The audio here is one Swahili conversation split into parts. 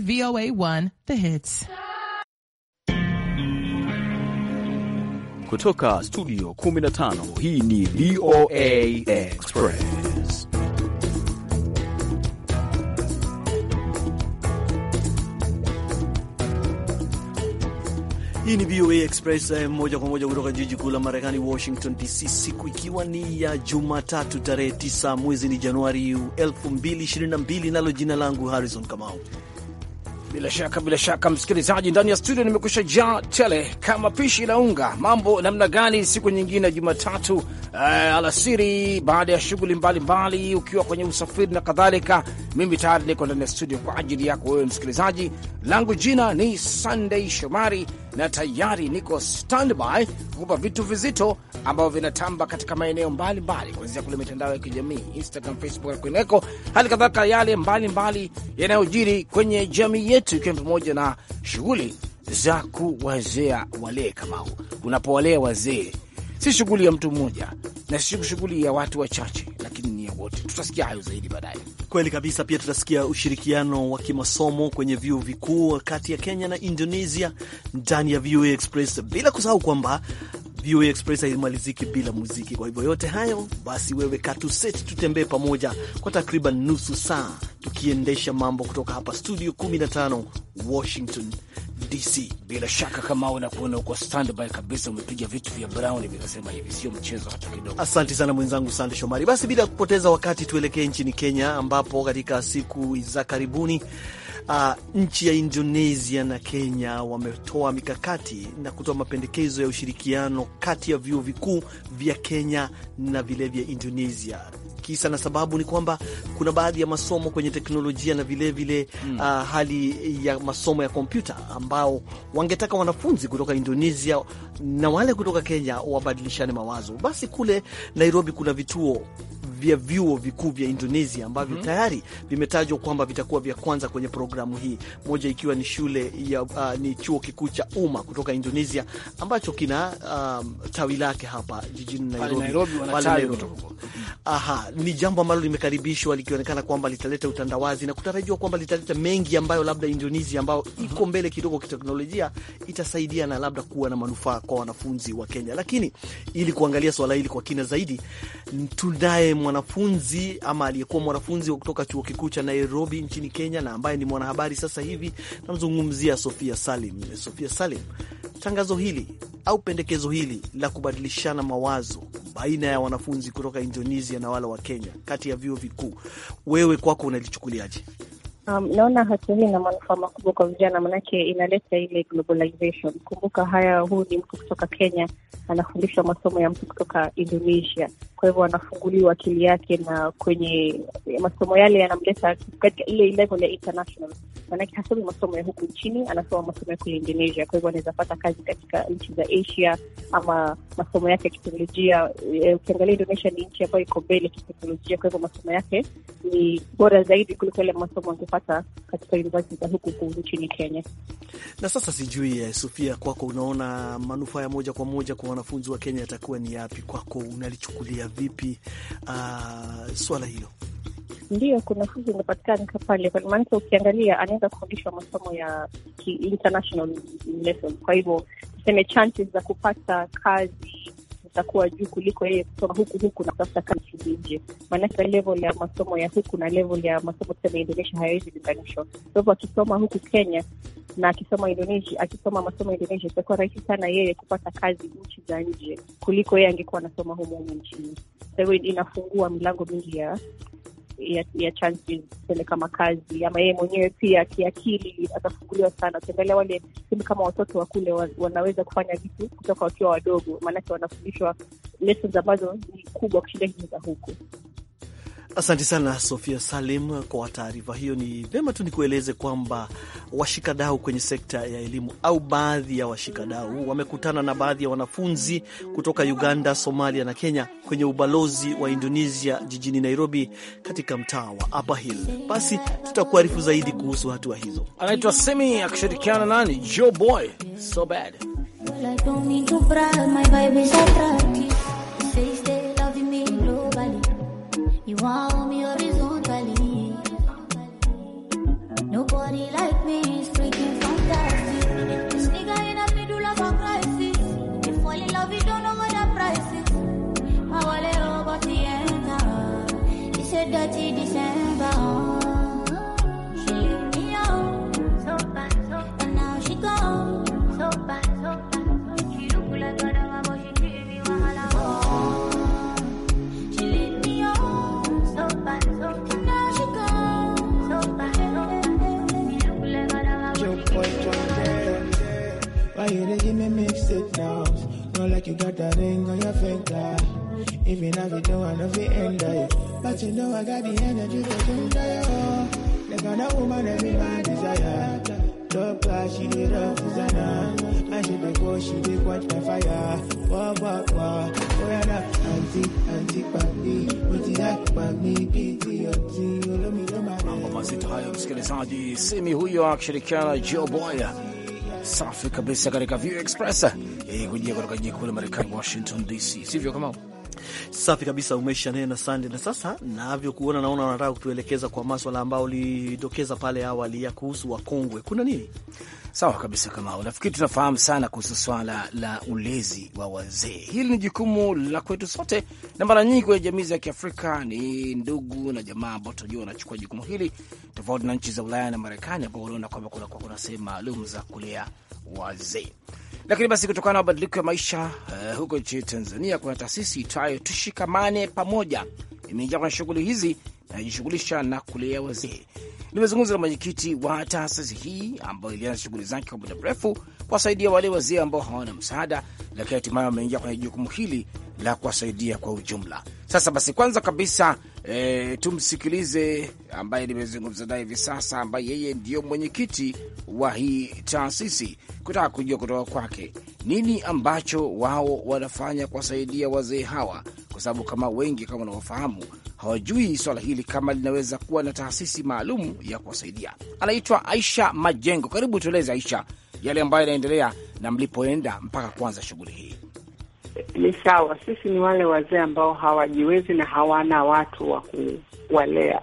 VOA1 The Hits. Kutoka studio 15 hii ni VOA Express. Hii ni VOA Express eh, moja kwa moja kutoka jiji kuu la Marekani, Washington DC, siku ikiwa ni ya Jumatatu tarehe 9 mwezi ni Januari 2022, nalo jina langu Harrison Kamau bila shaka bila shaka, msikilizaji, ndani ya studio nimekusha ja tele kama pishi la unga. Mambo namna gani? Siku nyingine ya Jumatatu uh, alasiri, baada ya shughuli mbalimbali, ukiwa kwenye usafiri na kadhalika. Mimi tayari niko ndani ya studio kwa ajili yako wewe msikilizaji. Langu jina ni Sunday Shomari na tayari niko standby kukupa vitu vizito ambavyo vinatamba katika maeneo mbalimbali, kuanzia kule mitandao ya kijamii Instagram, Facebook na kwingineko, hali kadhalika yale mbalimbali yanayojiri kwenye jamii yetu, ikiwa ni pamoja na shughuli za kuwazea walee Kamau. Unapowalea wazee, si shughuli ya mtu mmoja na si shughuli ya watu wachache, lakini ni ya wote. Tutasikia hayo zaidi baadaye. Kweli kabisa. Pia tutasikia ushirikiano wa kimasomo kwenye vyuo vikuu kati ya Kenya na Indonesia ndani ya VOA Express, bila kusahau kwamba VOA Express haimaliziki bila muziki. Kwa hivyo yote hayo basi, wewe katuseti, tutembee pamoja kwa takriban nusu saa tukiendesha mambo kutoka hapa studio 15 Washington DC. Bila shaka kama unakuona uko standby kabisa, umepiga vitu vya Brown vikasema hivi, sio mchezo hata kidogo. Asante sana mwenzangu Sande Shomari. Basi bila kupoteza wakati, tuelekee nchini Kenya ambapo katika siku za karibuni Uh, nchi ya Indonesia na Kenya wametoa mikakati na kutoa mapendekezo ya ushirikiano kati ya vyuo vikuu vya Kenya na vile vya Indonesia. Kisa na sababu ni kwamba kuna baadhi ya masomo kwenye teknolojia na vilevile vile, mm. uh, hali ya masomo ya kompyuta ambao wangetaka wanafunzi kutoka Indonesia na wale kutoka Kenya wabadilishane mawazo. Basi kule Nairobi kuna vituo vya vyuo vikuu vya Indonesia ambavyo mm -hmm. tayari vimetajwa kwamba vitakuwa vya kwanza kwenye programu hii, moja ikiwa ni shule ya, uh, ni chuo kikuu cha umma kutoka Indonesia ambacho kina um, tawi lake hapa jijini Nairobi, Nairobi, Nairobi. Aha, ni jambo ambalo limekaribishwa likionekana kwamba litaleta utandawazi na kutarajiwa kwamba litaleta mengi ambayo labda Indonesia ambayo mm -hmm. iko mbele kidogo kiteknolojia itasaidia na labda kuwa na manufaa kwa wanafunzi wa Kenya, lakini ili kuangalia swala hili kwa kina zaidi tunaye mwanafunzi ama aliyekuwa mwanafunzi kutoka chuo kikuu cha Nairobi nchini Kenya na ambaye ni mwanahabari sasa hivi. Namzungumzia Sofia Salim. Sofia Salim, tangazo hili au pendekezo hili la kubadilishana mawazo baina ya wanafunzi kutoka Indonesia na wale wa Kenya kati ya vyuo vikuu, wewe kwako unalichukuliaje? Um, naona hatua hii ina manufaa makubwa kwa vijana, manake inaleta ile globalization. Kumbuka haya, huu ni mtu kutoka Kenya anafundishwa masomo ya mtu kutoka Indonesia, kwa hivyo anafunguliwa akili yake, na kwenye masomo yale yanamleta katika ile level ya international maanake hasomi masomo ya huku nchini, anasoma masomo ya kule Indonesia. Kwa hivyo anaweza pata kazi katika nchi za Asia ama masomo yake ya kiteknolojia. Eh, ukiangalia Indonesia ni nchi ambayo iko mbele kiteknolojia, kwa hivyo masomo yake ni bora zaidi kuliko yale masomo angepata katika univesiti za huku huku nchini Kenya. Na sasa sijui eh, Sofia, kwako unaona manufaa ya moja kwa moja kwa wanafunzi wa Kenya yatakuwa ni yapi? Kwako unalichukulia vipi uh, swala hilo? ndio kuna fursa zinapatikana pale, maanake ukiangalia anaweza kufundishwa masomo ya international level. Kwa hivyo tuseme chances za kupata kazi zitakuwa juu kuliko yeye kutoka huku huku na kutafuta kazi nje, maanake level ya masomo ya huku na level ya masomo tuseme Indonesia hayawezi linganishwa. Kwa hivyo akisoma huku Kenya na akisoma Indonesia, akisoma masomo Indonesia itakuwa rahisi sana yeye kupata kazi nchi za nje kuliko yeye angekuwa anasoma humu humu nchini. Kwa hivyo inafungua milango mingi ya ya, ya chances tuseme kama kazi ama yeye mwenyewe pia kiakili atafunguliwa sana. Ukiangalia wale tuseme kama watoto wa kule wanaweza kufanya vitu kutoka wakiwa wadogo, maanake wanafundishwa lessons ambazo ni kubwa kushinda hizi za huku. Asante sana Sofia Salim kwa taarifa hiyo. Ni vema tu nikueleze kwamba washikadau kwenye sekta ya elimu au baadhi ya washikadau wamekutana na baadhi ya wanafunzi kutoka Uganda, Somalia na Kenya kwenye ubalozi wa Indonesia jijini Nairobi, katika mtaa wa Upper Hill. Basi tutakuarifu zaidi kuhusu hatua hizo. Anaitwa Semi akishirikiana nani Jo Boy so bad wall. sit down. Not like you got that ring on your finger. Even if you don't want to end it. But you know I got the energy to change it. Like on a woman, every man desire. Love class, she did up, Susanna. And she be go, she be watch my fire. Wah, wah, wah. Oh, yeah, nah. Auntie, auntie, papi. What's that, papi? PTOT. Mambo mazito hayo, msikilizaji. Simi huyo akishirikiana Joe Boya safi kabisa katika View Express, yeye eh, kujia kutoka jiji kuu la Marekani, Washington DC, sivyo Kamau? Safi kabisa, umeisha nena sande. Na sasa navyokuona, naona wanataka kutuelekeza kwa maswala ambayo ulidokeza pale awali ya kuhusu wakongwe. Kuna nini? Sawa kabisa, kama Nafikiri tunafahamu sana kuhusu swala la ulezi wa wazee. Hili ni jukumu la kwetu sote, na mara nyingi kwenye jamii za Kiafrika ni ndugu na jamaa ambao tunajua wanachukua jukumu hili, tofauti na nchi za Ulaya na Marekani ambao waliona kwamba kuna sehemu maalum za kulea wazee. Lakini basi kutokana na mabadiliko ya maisha uh, huko nchini Tanzania kuna taasisi itwayo Tushikamane Pamoja imeingia kwenye shughuli hizi najishughulisha na kulea wazee. Nimezungumza na mwenyekiti wa taasisi hii ambayo ilianza shughuli zake kwa muda mrefu kuwasaidia wale wazee ambao hawana msaada, lakini hatimaye wameingia kwenye jukumu hili la kuwasaidia kwa ujumla. Sasa basi, kwanza kabisa e, tumsikilize ambaye nimezungumza naye hivi sasa, ambaye yeye ndiyo mwenyekiti wa hii taasisi, kutaka kujua kutoka kwake nini ambacho wao wanafanya kuwasaidia wazee hawa, kwa sababu kama wengi kama wanaofahamu hawajui swala hili kama linaweza kuwa na taasisi maalum ya kuwasaidia. Anaitwa Aisha Majengo. Karibu tueleze Aisha, yale ambayo yanaendelea na mlipoenda mpaka kuanza shughuli hii ni sawa. Sisi ni wale wazee ambao hawajiwezi na hawana watu wa kuwalea.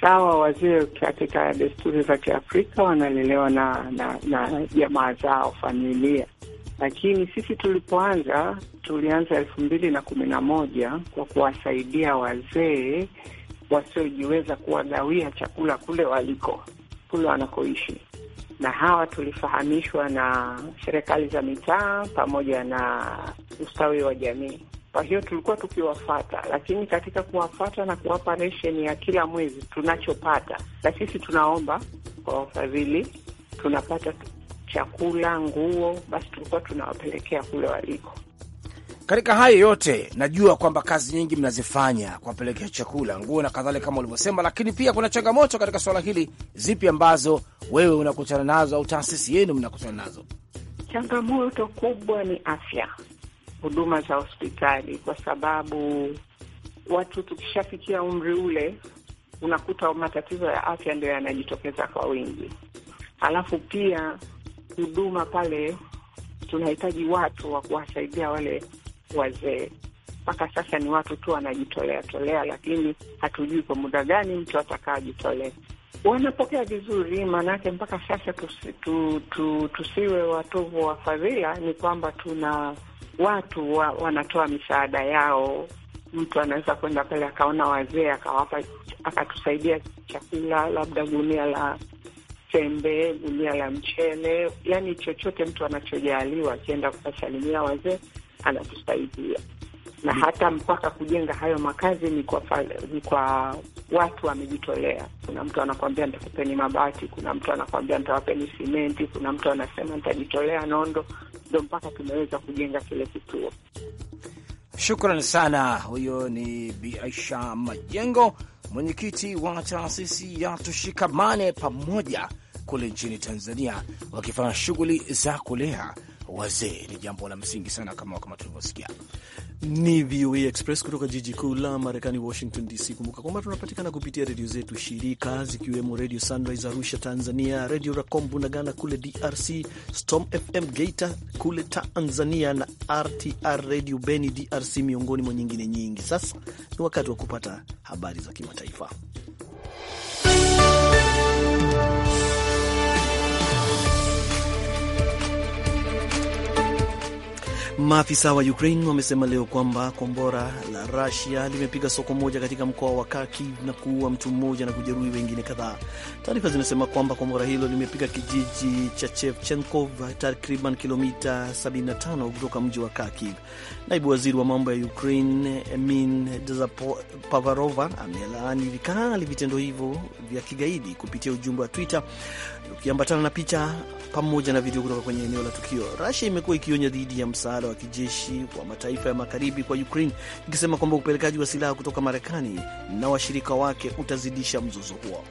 Sawa, wazee katika desturi za Kiafrika wanalelewa na na, na jamaa zao, familia. Lakini sisi tulipoanza, tulianza elfu mbili na kumi na moja kwa kuwasaidia wazee wasiojiweza kuwagawia chakula kule waliko, kule wanakoishi na hawa tulifahamishwa na serikali za mitaa pamoja na ustawi wa jamii. Kwa hiyo tulikuwa tukiwafata, lakini katika kuwafata na kuwapa resheni ya kila mwezi tunachopata, na sisi tunaomba kwa wafadhili, tunapata chakula, nguo, basi tulikuwa tunawapelekea kule waliko. Katika hayo yote najua kwamba kazi nyingi mnazifanya kuwapelekea chakula, nguo na kadhalika, kama ulivyosema, lakini pia kuna changamoto katika swala hili. Zipi ambazo wewe unakutana nazo au taasisi yenu mnakutana nazo? Changamoto kubwa ni afya, huduma za hospitali, kwa sababu watu tukishafikia umri ule unakuta matatizo ya afya ndio yanajitokeza kwa wingi. Alafu pia huduma pale tunahitaji watu wa kuwasaidia wale wazee. Mpaka sasa ni watu tu wanajitolea tolea, lakini hatujui kwa muda gani mtu atakaajitolea. Wanapokea vizuri, maanake mpaka sasa tusi, tu, tu, tusiwe watovu wa fadhila. Ni kwamba tuna watu wa, wanatoa misaada yao. Mtu anaweza kwenda pale akaona wazee akawapa, akatusaidia chakula, labda gunia la sembe, gunia la mchele, yani chochote mtu anachojaaliwa, akienda kuwasalimia wazee anatusaidia na hata mpaka kujenga hayo makazi ni kwa, ni kwa watu wamejitolea. Kuna mtu anakwambia nitakupeni mabati, kuna mtu anakwambia nitawapeni simenti, kuna mtu anasema nitajitolea nondo, ndo mpaka tumeweza kujenga kile kituo. Shukran sana. Huyo ni Biaisha Majengo, mwenyekiti wa taasisi ya Tushikamane Pamoja kule nchini Tanzania, wakifanya shughuli za kulea wazee ni jambo la msingi sana, kama kama tulivyosikia. Ni VOA Express kutoka jiji kuu la Marekani, Washington DC. Kumbuka kwamba tunapatikana kupitia redio zetu shirika zikiwemo Redio Sunrise Arusha Tanzania, Redio racom na Ghana kule DRC, Storm FM Geita kule Tanzania na RTR Redio Beni DRC, miongoni mwa nyingine nyingi. Sasa ni wakati wa kupata habari za kimataifa. Maafisa wa Ukraine wamesema leo kwamba kombora la Rusia limepiga soko moja katika mkoa wa Kharkiv na kuua mtu mmoja na kujeruhi wengine kadhaa. Taarifa zimesema kwamba kombora hilo limepiga kijiji cha Chevchenkov, takriban kilomita 75 kutoka mji wa Kharkiv. Naibu waziri wa mambo ya Ukraine Emin Pavarova amelaani vikali vitendo hivyo vya kigaidi kupitia ujumbe wa Twitter ukiambatana na picha pamoja na video kutoka kwenye eneo la tukio. Rusia imekuwa ikionya dhidi ya msaada wa kijeshi wa mataifa ya magharibi kwa Ukraine, ikisema kwamba upelekaji wa silaha kutoka Marekani na washirika wake utazidisha mzozo huo.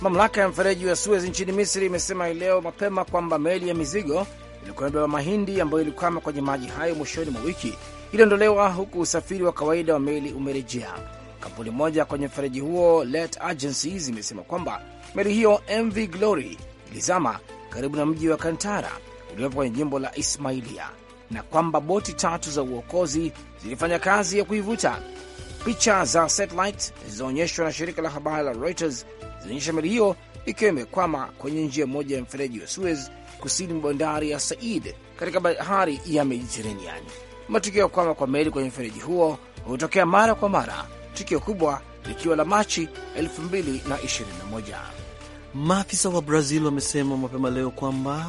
Mamlaka ya mfereji wa Suez nchini Misri imesema leo mapema kwamba meli ya mizigo ilikuwa imebeba mahindi ambayo ilikwama kwenye maji hayo mwishoni mwa wiki iliondolewa, huku usafiri wa kawaida wa meli umerejea. Kampuni moja kwenye mfereji huo Let Agencies imesema kwamba meli hiyo MV Glory ilizama karibu na mji wa Kantara uliopo kwenye jimbo la Ismailia na kwamba boti tatu za uokozi zilifanya kazi ya kuivuta. Picha za satellite zilizoonyeshwa na shirika la habari la Reuters zinaonyesha meli hiyo ikiwa imekwama kwenye njia moja ya mfereji wa Suez kusini mwa bandari ya Said katika bahari ya Mediterranean. Matukio ya kukwama kwa meli kwenye mfereji huo hutokea mara kwa mara, tukio kubwa likiwa la Machi 2021. Maafisa wa Brazil wamesema mapema leo kwamba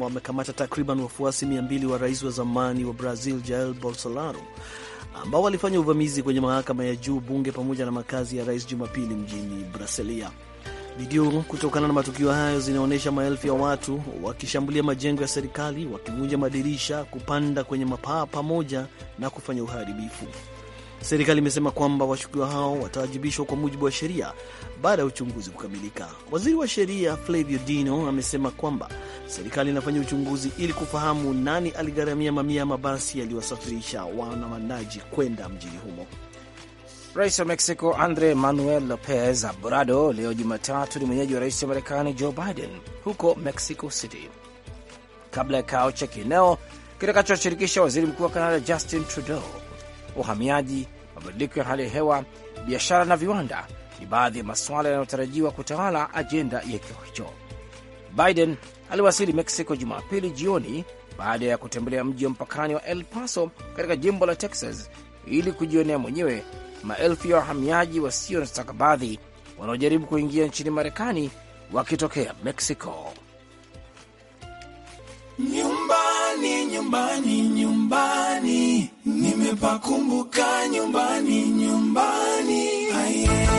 wamekamata takriban wafuasi 200 wa rais wa zamani wa Brazil Jair Bolsonaro ambao walifanya uvamizi kwenye mahakama ya juu, bunge pamoja na makazi ya rais Jumapili mjini Brasilia. Video kutokana na matukio hayo zinaonyesha maelfu ya watu wakishambulia majengo ya serikali, wakivunja madirisha, kupanda kwenye mapaa pamoja na kufanya uharibifu. Serikali imesema kwamba washukiwa hao watawajibishwa kwa mujibu wa sheria baada ya uchunguzi kukamilika. Waziri wa sheria Flavio Dino amesema kwamba serikali inafanya uchunguzi ili kufahamu nani aligharamia mamia ya mabasi yaliyowasafirisha waandamanaji kwenda mjini humo. Rais wa Mexico Andre Manuel Lopez Obrador leo Jumatatu ni mwenyeji wa rais wa Marekani Joe Biden huko Mexico City kabla ya kikao cha kieneo kitakachoshirikisha waziri mkuu wa canada Justin Trudeau uhamiaji, mabadiliko ya hali ya hewa, biashara na viwanda ni baadhi ya masuala yanayotarajiwa kutawala ajenda ya kikao hicho. Biden aliwasili Mexico Jumapili jioni baada ya kutembelea mji wa mpakani wa El Paso katika jimbo la Texas ili kujionea mwenyewe maelfu ya wahamiaji wasio na stakabadhi wanaojaribu kuingia nchini Marekani wakitokea Mexico nyumbani, nyumbani, nyumbani, nimepakumbuka nyumbani, nyumbani, aye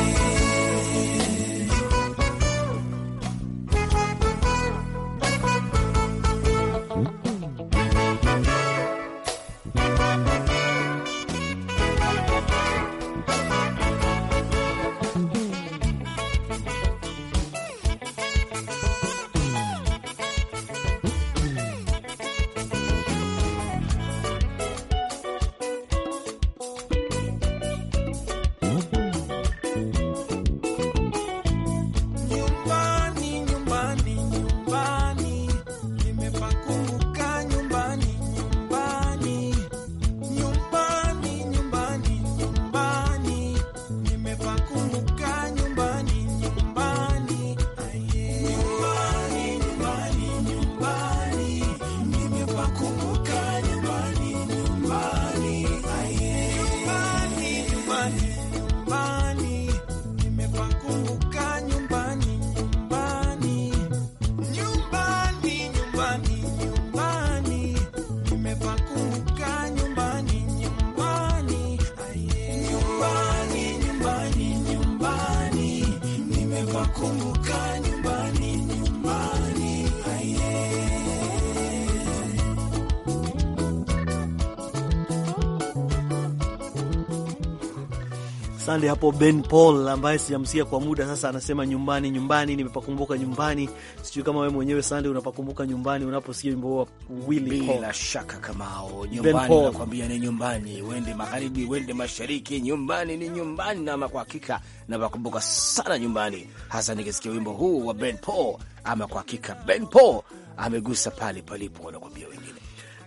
Sande hapo. Ben Paul ambaye sijamsikia kwa muda sasa, anasema nyumbani, nyumbani nimepakumbuka nyumbani. Sijui kama wewe mwenyewe Sande unapakumbuka nyumbani unaposikia wimbo wa Willy Paul. Bila shaka kamao, nyumbani nakwambia ni nyumbani, wende magharibi, wende mashariki, nyumbani ni nyumbani, na kwa hakika napakumbuka sana nyumbani, hasa nikisikia wimbo huu wa Ben Paul. Ama kwa hakika Ben Paul amegusa pale palipo, nakwambia.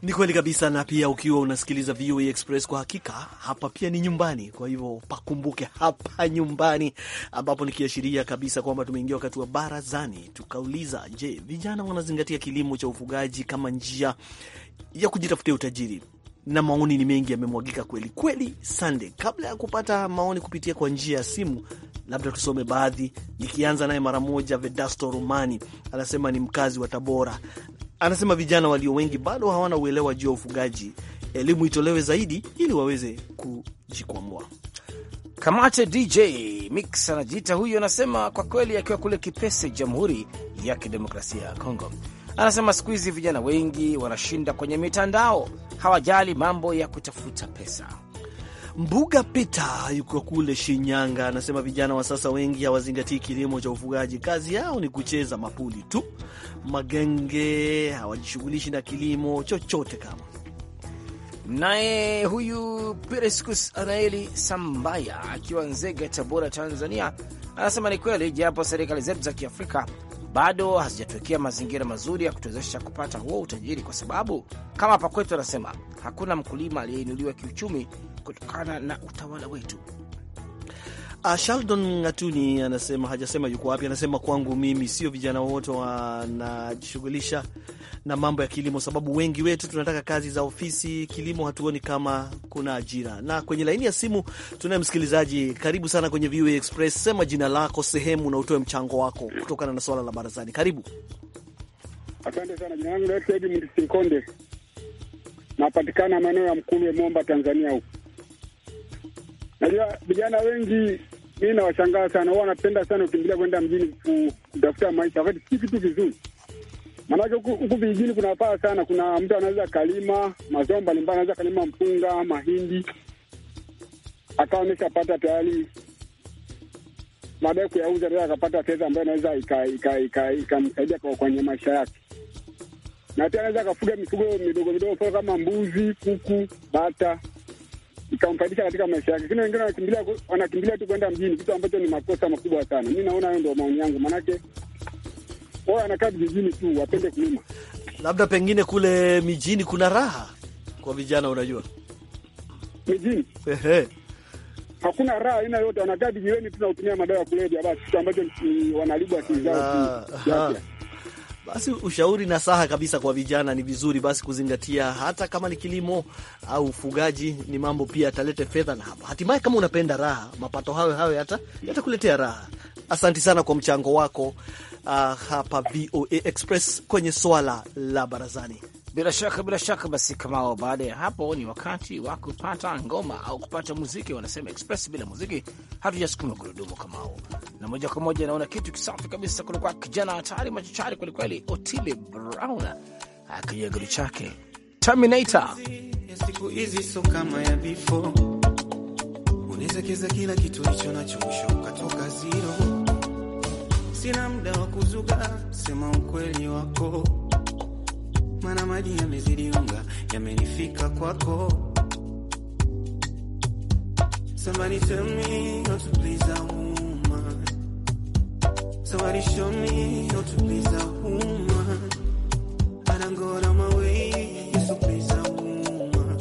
Ni kweli kabisa, na pia ukiwa unasikiliza VOA e Express, kwa hakika hapa pia ni nyumbani. Kwa hivyo pakumbuke hapa nyumbani, ambapo nikiashiria kabisa kwamba tumeingia wakati wa barazani. Tukauliza, je, vijana wanazingatia kilimo cha ufugaji kama njia ya kujitafutia utajiri? na maoni ni mengi yamemwagika kweli kweli. Sande, kabla ya kupata maoni kupitia kwa njia ya simu, labda tusome baadhi, nikianza naye mara moja. Vedasto Romani anasema ni mkazi wa Tabora, Anasema vijana walio wengi bado hawana uelewa juu ya ufugaji, elimu itolewe zaidi ili waweze kujikwamua. Kamate DJ Mix anajiita huyu, anasema kwa kweli, akiwa kule Kipese, Jamhuri ya Kidemokrasia ya Kongo, anasema siku hizi vijana wengi wanashinda kwenye mitandao, hawajali mambo ya kutafuta pesa. Mbuga Pita yuko kule Shinyanga, anasema vijana wa sasa wengi hawazingatii kilimo cha ufugaji, kazi yao ni kucheza mapuli tu. Magenge hawajishughulishi na kilimo chochote. Kama naye huyu Perescus Anaeli Sambaya akiwa Nzega, Tabora, Tanzania, anasema ni kweli, japo serikali zetu za Kiafrika bado hazijatuwekea mazingira mazuri ya kutuwezesha kupata huo utajiri, kwa sababu kama hapa kwetu, anasema hakuna mkulima aliyeinuliwa kiuchumi kutokana na utawala wetu. Ah, Sheldon Ngatuni anasema hajasema yuko wapi, anasema kwangu mimi sio vijana wote wanajishughulisha na mambo ya kilimo, sababu wengi wetu tunataka kazi za ofisi. Kilimo hatuoni kama kuna ajira. Na kwenye laini ya simu tunaye msikilizaji. Karibu sana kwenye VOA Express, sema jina lako, sehemu na utoe mchango wako kutokana na swala la barazani. Karibu. Asante sana, jina langu naitwa Edi Mrisinkonde, napatikana maeneo ya Mkulwe, Momba, Tanzania huku Najua vijana wengi mi nawashangaa sana, huwa wanapenda sana ukimbilia kwenda mjini kutafuta maisha, wakati si kitu vizuri. Maanake huku vijijini kuna paa sana, kuna mtu anaweza kalima mazao mbalimbali, anaweza kalima mpunga, mahindi, akawa ameshapata tayari, baadaye kuyauza tayari akapata fedha ambayo anaweza ikamsaidia kwenye maisha yake, na pia anaweza akafuga mifugo midogo midogo kama mbuzi, kuku, bata ikamfaidisha katika maisha yake, lakini wengine wanakimbilia wanakimbilia tu kwenda mjini, kitu ambacho ni makosa makubwa sana. Mi naona hayo ndo maoni yangu, maanake wao wanakaa vijijini tu, wapende kulima. Labda pengine kule mijini kuna raha kwa vijana, unajua mijini hakuna raha aina yote, wanakaa vijiweni tu na kutumia madawa ya kulevya, basi kitu ambacho wanalibwa akili zao basi ushauri na saha kabisa kwa vijana, ni vizuri basi kuzingatia, hata kama ni kilimo au ufugaji, ni mambo pia yatalete fedha, na hapa hatimaye, kama unapenda raha, mapato hayo hayo yata yatakuletea raha. Asanti sana kwa mchango wako uh, hapa VOA Express kwenye swala la barazani. Bila shaka bila shaka. Basi Kamao, baada ya hapo ni wakati wa kupata ngoma au kupata muziki. Wanasema express bila muziki hatujasukuma gurudumu, Kamao. Na moja kwa moja naona kitu kisafi kabisa kutoka kijana hatari machachari kwelikweli, Otile Brown akija gari chake Terminator. Siku hizi kama ya before, kila kitu hicho zero. Sina muda wa kuzuga, sema ukweli wako mana maji yamezidi unga, yamenifika kwako. Somebody tell me how to please a woman. Somebody show me how to please a woman. And I'm going on my way just to please a woman.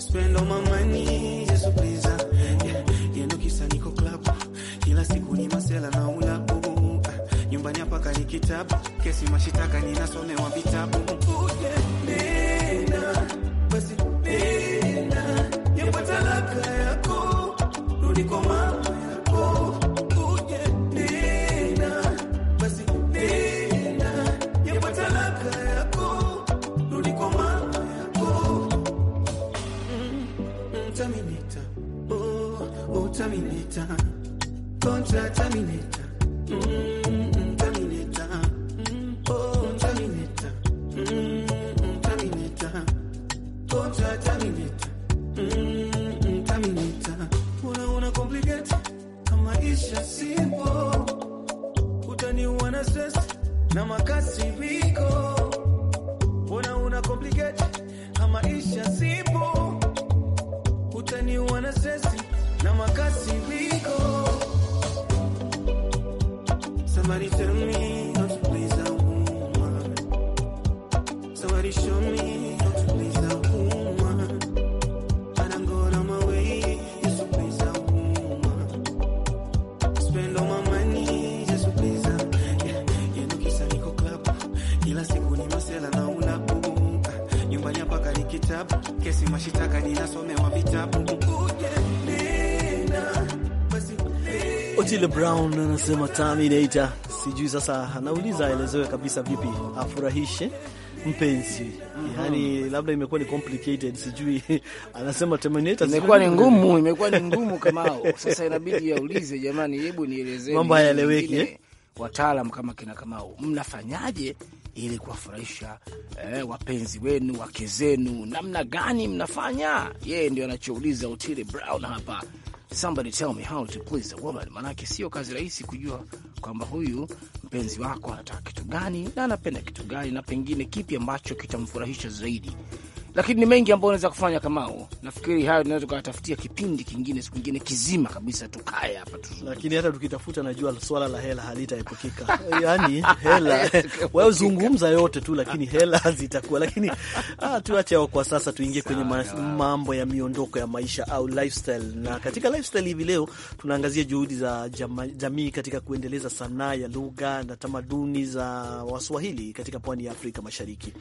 Spend all my money just to please a. Yeah, yeah, no kisa niko club. Kila siku ni masela na Tanzania paka ni kitabu, kesi mashitaka ninasomewa vitabu Money, tell me Otile Brown anasema Terminator. Sijui sasa, anauliza aelezewe kabisa vipi afurahishe mpenzi yani, labda imekuwa ni complicated, sijui anasema Terminator imekuwa ni ngumu, imekuwa ni ngumu kama sasa, inabidi yaulize, jamani, hebu nielezeni, mambo hayaeleweki eh? Wataalam kama kina Kamau, mnafanyaje ili kuwafurahisha eh, wapenzi wenu, wake zenu? Namna gani mnafanya? Yeye ndio anachouliza Otile Brown hapa somebody tell me how to please a woman, maanake sio kazi rahisi kujua kwamba huyu mpenzi wako anataka kitu gani na anapenda kitu gani na pengine kipi ambacho kitamfurahisha zaidi lakini ni mengi ambayo unaweza kufanya kama huo. Nafikiri hayo tunaweza tukatafutia kipindi kingine, siku nyingine kizima kabisa, tukae hapa tu, lakini hata tukitafuta, najua swala la hela halitaepukika. Yani hela wewe zungumza yote tu, lakini hela zitakuwa, lakini ah, tuache hao kwa sasa, tuingie kwenye ma mambo ya miondoko ya maisha au lifestyle. Na katika lifestyle hivi leo tunaangazia juhudi za jamii katika kuendeleza sanaa ya lugha na tamaduni za Waswahili katika pwani ya Afrika Mashariki.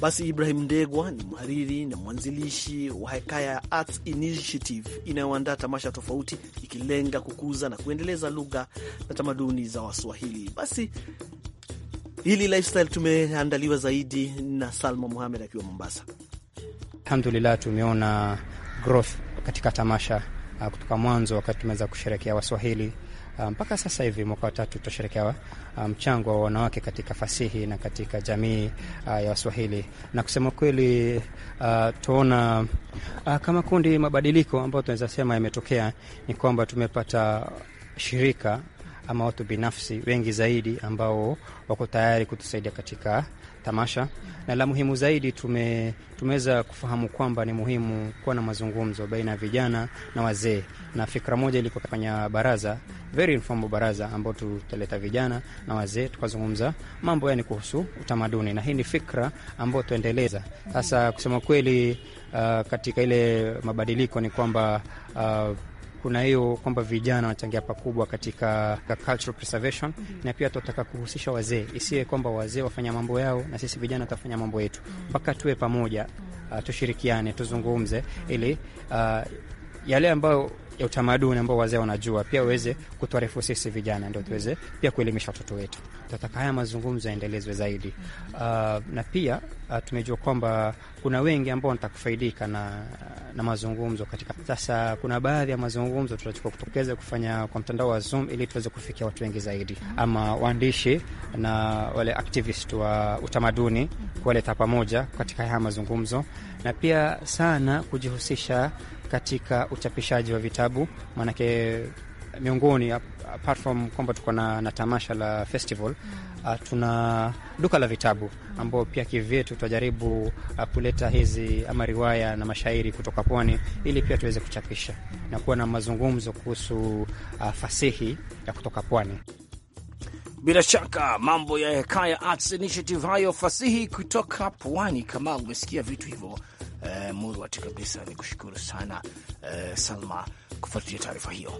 Basi Ibrahim Ndegwa ni mhariri na mwanzilishi wa Hekaya Arts Initiative inayoandaa tamasha tofauti ikilenga kukuza na kuendeleza lugha na tamaduni za Waswahili. Basi hili lifestyle tumeandaliwa zaidi na Salma Muhamed akiwa Mombasa. Alhamdulillah, tumeona growth katika tamasha uh, kutoka mwanzo, wakati tumeweza kusherekea Waswahili Ah, mpaka um, sasa hivi mwaka watatu tutasherekea ah, mchango um, wa wanawake katika fasihi na katika jamii uh, ya Waswahili, na kusema kweli uh, tuona uh, kama kundi mabadiliko ambayo tunaweza sema yametokea ni kwamba tumepata shirika ama watu binafsi wengi zaidi ambao wako tayari kutusaidia katika tamasha, na la muhimu zaidi tume, tumeweza kufahamu kwamba ni muhimu kuwa na mazungumzo baina ya vijana na wazee, na fikra moja ilikuwa kufanya baraza very informal baraza ambao tutaleta vijana na wazee tukazungumza mambo yani kuhusu utamaduni, na hii ni fikra ambayo tuendeleza sasa. Kusema kweli, uh, katika ile mabadiliko ni kwamba uh, kuna hiyo kwamba vijana wanachangia pakubwa katika cultural preservation mm -hmm. na pia tutataka kuhusisha wazee, isiwe kwamba wazee wafanya mambo yao na sisi vijana tutafanya mambo yetu, mpaka tuwe pamoja, uh, tushirikiane, tuzungumze ili uh, yale ambayo ya utamaduni ambao wazee wanajua, pia uweze kutuarifu sisi vijana, ndio tuweze pia kuelimisha watoto wetu. Tunataka haya mazungumzo yaendelezwe zaidi. Uh, na pia uh, tumejua kwamba kuna wengi ambao wanataka kufaidika na, na mazungumzo katika sasa. Kuna baadhi ya mazungumzo tutachukua kutokeza kufanya kwa mtandao wa Zoom ili tuweze kufikia watu wengi zaidi, ama waandishi na wale activist wa utamaduni kuwaleta pamoja katika haya mazungumzo, na pia sana kujihusisha katika uchapishaji wa vitabu, maanake miongoni apart from kwamba tuko na, na tamasha la festival mm. uh, tuna duka la vitabu ambao pia kivyetu tutajaribu uh, kuleta hizi ama riwaya na mashairi kutoka pwani ili pia tuweze kuchapisha na kuwa na mazungumzo kuhusu uh, fasihi ya kutoka pwani. Bila shaka mambo ya Hekaya Arts Initiative, hayo fasihi kutoka pwani. Kama umesikia vitu hivyo eh, murwati kabisa. Ni kushukuru sana eh, Salma kufuatilia taarifa hiyo.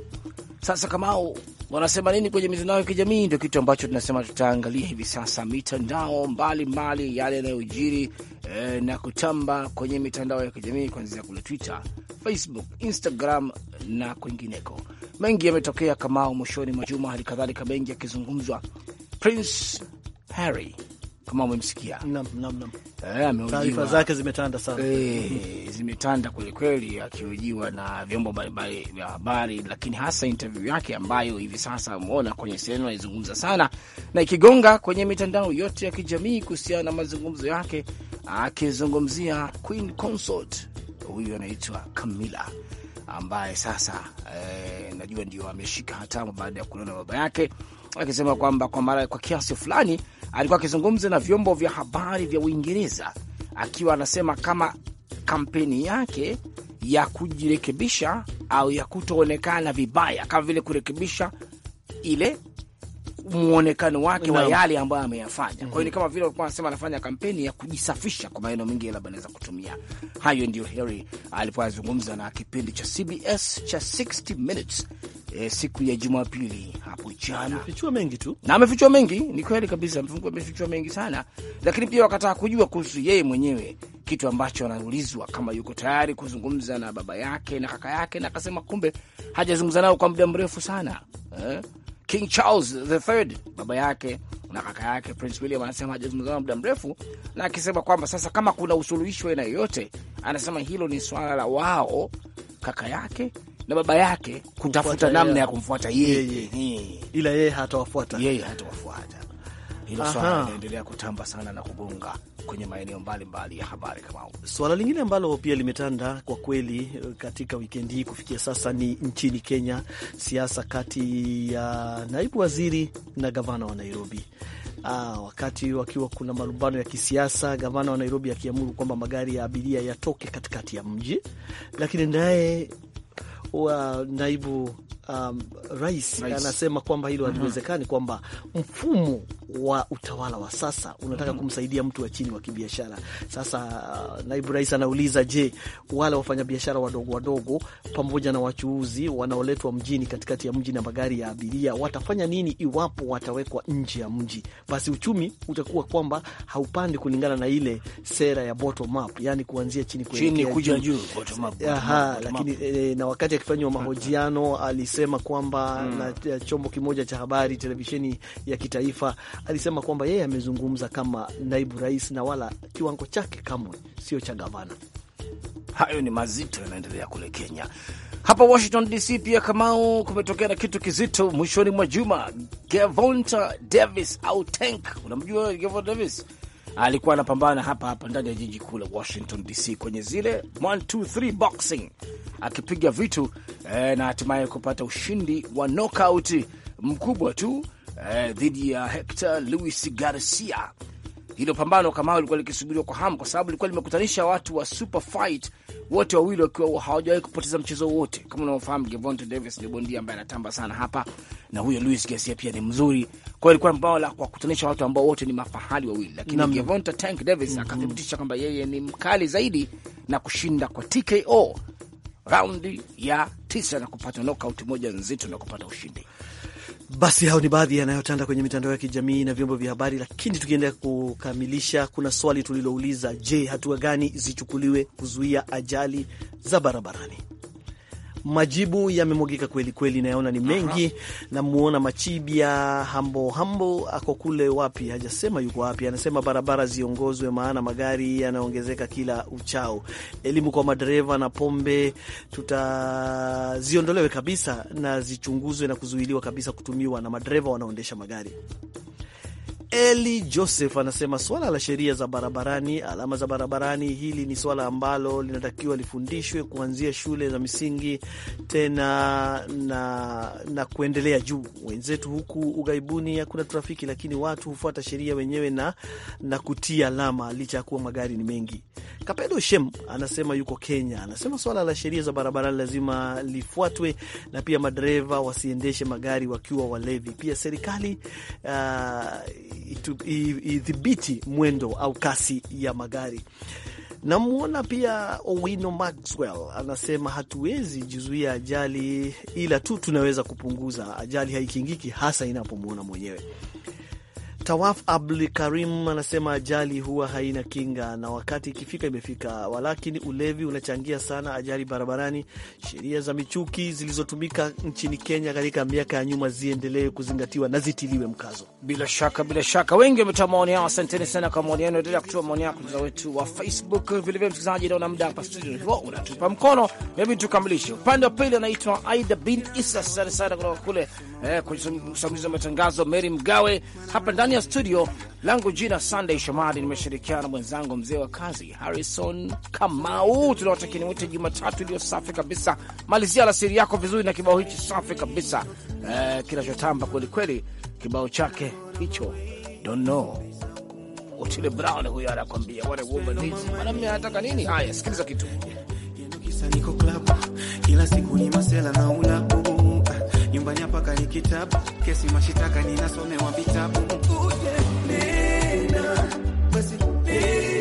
Sasa Kamau, wanasema nini kwenye mitandao ya kijamii? Ndio kitu ambacho tunasema tutaangalia hivi sasa, mitandao mbalimbali, yale yanayojiri eh, na kutamba kwenye mitandao ya kijamii kuanzia kule Twitter, Facebook, Instagram na kwingineko. Mengi yametokea Kamau mwishoni mwa juma, hali kadhalika mengi yakizungumzwa. Prince Harry kama umemsikia, eh, taarifa zake zimetanda sana e, mm. zimetanda kwelikweli, akihojiwa na vyombo mbalimbali vya habari, lakini hasa interview yake ambayo hivi sasa umeona kwenye sehemu anaizungumza sana na ikigonga kwenye mitandao yote ya kijamii kuhusiana na mazungumzo yake akizungumzia Queen Consort, huyu anaitwa Camilla ambaye sasa eh, najua ndio ameshika hatamu baada ya kuliona baba yake akisema kwamba kwa mara kwa kiasi fulani alikuwa akizungumza na vyombo vya habari vya Uingereza akiwa anasema kama kampeni yake ya kujirekebisha au ya kutoonekana vibaya kama vile kurekebisha ile mwonekano wake wa yale ambayo ameyafanya. mm -hmm. Kwa hiyo ni mhm. kama vile alikuwa anasema anafanya kampeni ya kujisafisha, kwa maneno mengi labda anaweza kutumia hayo. Ndio Harry alipoazungumza na kipindi cha CBS cha 60 Minutes eh, siku ya Jumapili hapo jana. Amefichua mengi tu na amefichua mengi, ni kweli kabisa, mfungu amefichua mengi sana, lakini pia wakataka kujua kuhusu yeye mwenyewe, kitu ambacho anaulizwa kama yuko tayari kuzungumza na baba yake na kaka yake, na akasema kumbe hajazungumza nao kwa muda mrefu sana eh? King Charles the Third, baba yake na kaka yake Prince William anasema hajazungumza nao muda mrefu, na akisema kwamba sasa kama kuna usuluhisho aina yoyote, anasema hilo ni swala la wao, kaka yake na baba yake kutafuta namna ya kumfuata yeye, ila yeye hatawafuata, yeye hatawafuata. Hilo swala linaendelea kutamba sana na kugonga kwenye maeneo mbalimbali ya habari. Kama swala lingine ambalo pia limetanda kwa kweli eh, katika wikendi hii kufikia sasa ni nchini Kenya, siasa kati ya naibu waziri na gavana wa Nairobi. Aa, ah, wakati wakiwa kuna malumbano ya kisiasa, gavana wa Nairobi akiamuru kwamba magari ya abiria yatoke katikati ya mji, lakini naye wa naibu um, rais anasema kwamba hilo haliwezekani, mm -hmm. kwamba mfumo wa utawala wa sasa unataka mm -hmm. kumsaidia mtu wa chini wa kibiashara. Sasa uh, naibu rais anauliza, je, wale wafanyabiashara wadogo wadogo pamoja na wachuuzi wanaoletwa mjini katikati ya mji na magari ya abiria watafanya nini iwapo watawekwa nje ya mji? Basi uchumi utakuwa kwamba haupandi kulingana na ile sera ya bottom up, yani kuanzia chini kuelekea juu. Lakini eh, na wakati akifanywa mahojiano alis alisema kwamba mm, na chombo kimoja cha habari televisheni ya kitaifa alisema kwamba yeye amezungumza kama naibu rais na wala kiwango chake kamwe sio cha gavana. Hayo ni mazito yanaendelea kule Kenya. Hapa Washington DC pia, Kamau, kumetokea na kitu kizito mwishoni mwa juma. Gavonta Davis au Tank, unamjua Gavonta Davis? alikuwa anapambana hapa hapa ndani ya jiji kuu la Washington DC kwenye zile 123 boxing akipiga vitu eh, na hatimaye kupata ushindi wa knockout mkubwa tu eh, dhidi ya Hector Luis Garcia. Hilo pambano kama lilikuwa likisubiriwa kwa hamu, kwa sababu lilikuwa limekutanisha watu wa super fight wote wawili wakiwa hawajawahi kupoteza mchezo wote, kama unavyofahamu Gervonta Davis ni bondia ambaye anatamba sana hapa na huyo Luis Garcia pia ni mzuri. Kwa hiyo ilikuwa bao la kuwakutanisha watu ambao wote ni mafahali wawili, lakini Gevonta Tank Davis mm -hmm. akathibitisha kwamba yeye ni mkali zaidi na kushinda kwa TKO raundi ya tisa na kupata nokauti moja nzito na kupata ushindi. Basi hao ni baadhi yanayotanda kwenye mitandao ya kijamii na vyombo vya habari. Lakini tukiendelea kukamilisha, kuna swali tulilouliza: je, hatua gani zichukuliwe kuzuia ajali za barabarani? Majibu yamemwagika kweli kweli, nayaona ni mengi. Namuona Machibia hambo hambo, ako kule wapi, hajasema yuko wapi. Anasema barabara ziongozwe, maana magari yanaongezeka kila uchao. Elimu kwa madereva na pombe tutaziondolewe kabisa na zichunguzwe na kuzuiliwa kabisa kutumiwa na madereva wanaoendesha magari. Eli Joseph anasema swala la sheria za barabarani, alama za barabarani, hili ni swala ambalo linatakiwa lifundishwe kuanzia shule za msingi tena na, na kuendelea juu. Wenzetu huku ughaibuni hakuna trafiki, lakini watu hufuata sheria wenyewe na, na kutia alama licha ya kuwa magari ni mengi. Kapedo Shem anasema yuko Kenya, anasema swala la sheria za barabarani lazima lifuatwe, na pia madereva wasiendeshe magari wakiwa walevi. Pia serikali uh, idhibiti mwendo au kasi ya magari. Namwona pia Owino Maxwell anasema hatuwezi jizuia ajali, ila tu tunaweza kupunguza ajali. Haikingiki hasa inapomwona mwenyewe. Tawaf Abdul Karim anasema ajali huwa haina kinga na wakati ikifika imefika, walakini ulevi unachangia sana ajali barabarani. Sheria za michuki zilizotumika nchini Kenya katika miaka ya nyuma ziendelee kuzingatiwa na zitiliwe mkazo. Bila shaka, bila shaka, wengi wametoa maoni yao. Asanteni sana kwa maoni yenu, endelea kutoa maoni yako mtandao wetu wa Facebook. Vilevile msikilizaji, naona muda hapa studio hivyo unatupa mkono, hebu tukamilishe upande wa pili. Anaitwa Aida bin Isa, asante sana kutoka kule eh, kusimamizi wa matangazo Mary Mgawe hapa ndani ya studio langu. Jina Sunday Shomari, nimeshirikiana na mwenzangu mzee wa kazi Harrison Kamau. Tunawatakieni wote Jumatatu iliyo safi kabisa. Malizia alasiri yako vizuri na kibao hichi safi kabisa eh, kinachotamba kwelikweli, kibao chake hicho dono Otile Brown huyo anakwambia what a woman is. Mwanaume anataka nini? Haya, sikiliza kitu. Kila siku ni masela na ula nyumbani hapa kani kitabu kesi mashitaka ninasomewa vitabu. Uje nena basi nena